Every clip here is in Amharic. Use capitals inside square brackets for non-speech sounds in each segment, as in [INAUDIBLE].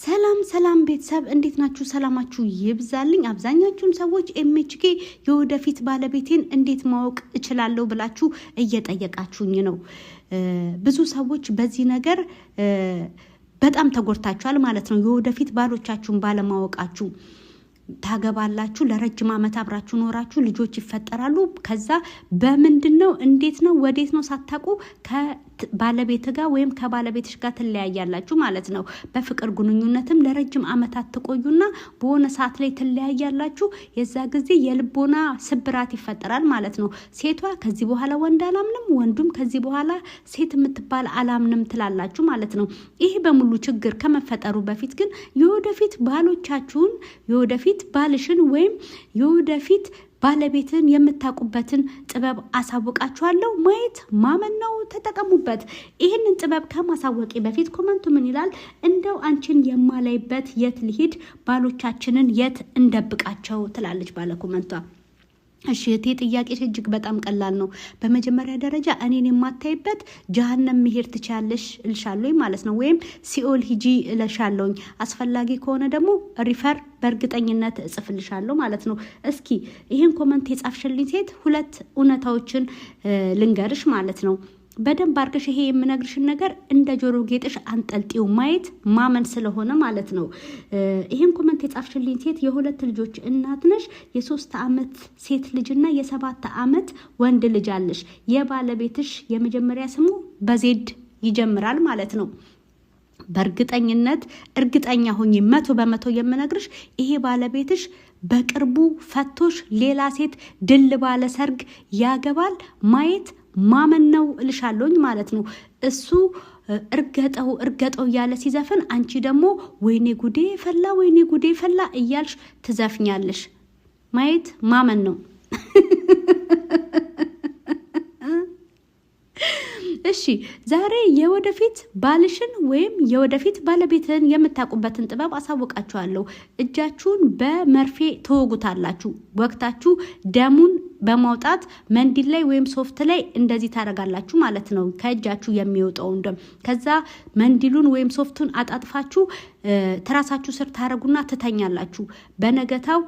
ሰላም ሰላም ቤተሰብ እንዴት ናችሁ? ሰላማችሁ ይብዛልኝ። አብዛኛችሁን ሰዎች ኤምኤችኬ የወደፊት ባለቤቴን እንዴት ማወቅ እችላለሁ ብላችሁ እየጠየቃችሁኝ ነው። ብዙ ሰዎች በዚህ ነገር በጣም ተጎድታችኋል ማለት ነው። የወደፊት ባሎቻችሁን ባለማወቃችሁ ታገባላችሁ፣ ለረጅም ዓመት አብራችሁ ኖራችሁ ልጆች ይፈጠራሉ። ከዛ በምንድን ነው እንዴት ነው ወዴት ነው ሳታውቁ ከባለቤት ጋር ወይም ከባለቤትሽ ጋር ትለያያላችሁ ማለት ነው። በፍቅር ግንኙነትም ለረጅም ዓመታት ትቆዩና በሆነ ሰዓት ላይ ትለያያላችሁ። የዛ ጊዜ የልቦና ስብራት ይፈጠራል ማለት ነው። ሴቷ ከዚህ በኋላ ወንድ አላምንም፣ ወንዱም ከዚህ በኋላ ሴት የምትባል አላምንም ትላላችሁ ማለት ነው። ይሄ በሙሉ ችግር ከመፈጠሩ በፊት ግን የወደፊት ባሎቻችሁን የወደፊት ባልሽን ወይም የወደፊት ባለቤትን የምታውቁበትን ጥበብ አሳውቃችኋለሁ። ማየት ማመን ነው፣ ተጠቀሙበት። ይህንን ጥበብ ከማሳወቂ በፊት ኮመንቱ ምን ይላል? እንደው አንቺን የማላይበት የት ልሂድ? ባሎቻችንን የት እንደብቃቸው? ትላለች ባለ ኮመንቷ። እሺ እቴ ጥያቄሽ እጅግ በጣም ቀላል ነው። በመጀመሪያ ደረጃ እኔን የማታይበት ጀሀነም መሄድ ትችያለሽ እልሻለኝ ማለት ነው፣ ወይም ሲኦል ሂጂ እለሻለሁኝ። አስፈላጊ ከሆነ ደግሞ ሪፈር በእርግጠኝነት እጽፍልሻለሁ ማለት ነው። እስኪ ይህን ኮመንት የጻፍሽልኝ ሴት ሁለት እውነታዎችን ልንገርሽ ማለት ነው። በደንብ አርገሽ ይሄ የምነግርሽን ነገር እንደ ጆሮ ጌጥሽ አንጠልጢው ማየት ማመን ስለሆነ ማለት ነው። ይህን ኮመንት የጻፍሽልኝ ሴት የሁለት ልጆች እናት ነሽ። የሶስት ዓመት ሴት ልጅና የሰባት ዓመት ወንድ ልጅ አለሽ። የባለቤትሽ የመጀመሪያ ስሙ በዜድ ይጀምራል ማለት ነው። በእርግጠኝነት እርግጠኛ ሆኝ መቶ በመቶ የምነግርሽ ይሄ ባለቤትሽ በቅርቡ ፈቶሽ ሌላ ሴት ድል ባለ ሰርግ ያገባል ማየት ማመን ነው እልሻለኝ ማለት ነው። እሱ እርገጠው እርገጠው እያለ ሲዘፍን፣ አንቺ ደግሞ ወይኔ ጉዴ ፈላ፣ ወይኔ ጉዴ ፈላ እያልሽ ትዘፍኛለሽ። ማየት ማመን ነው። [LAUGHS] እሺ ዛሬ የወደፊት ባልሽን ወይም የወደፊት ባለቤትን የምታውቁበትን ጥበብ አሳውቃችኋለሁ። እጃችሁን በመርፌ ትወጉታላችሁ። ወቅታችሁ ደሙን በማውጣት መንዲል ላይ ወይም ሶፍት ላይ እንደዚህ ታደርጋላችሁ ማለት ነው። ከእጃችሁ የሚወጣውን ደም ከዛ መንዲሉን ወይም ሶፍቱን አጣጥፋችሁ ትራሳችሁ ስር ታደርጉና ትተኛላችሁ። በነገታው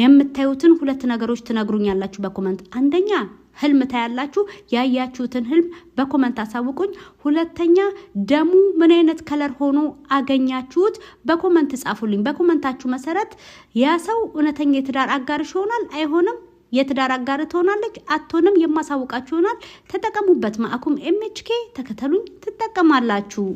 የምታዩትን ሁለት ነገሮች ትነግሩኛላችሁ በኮመንት አንደኛ ህልም ታያላችሁ። ያያችሁትን ህልም በኮመንት አሳውቁኝ። ሁለተኛ ደሙ ምን አይነት ከለር ሆኖ አገኛችሁት? በኮመንት ጻፉልኝ። በኮመንታችሁ መሰረት ያ ሰው እውነተኛ የትዳር አጋርሽ ይሆናል አይሆንም የትዳር አጋር ትሆናለች አትሆንም፣ የማሳውቃችሁ ይሆናል። ተጠቀሙበት። ማዕኩም ኤምኤችኬ ተከተሉኝ፣ ትጠቀማላችሁ።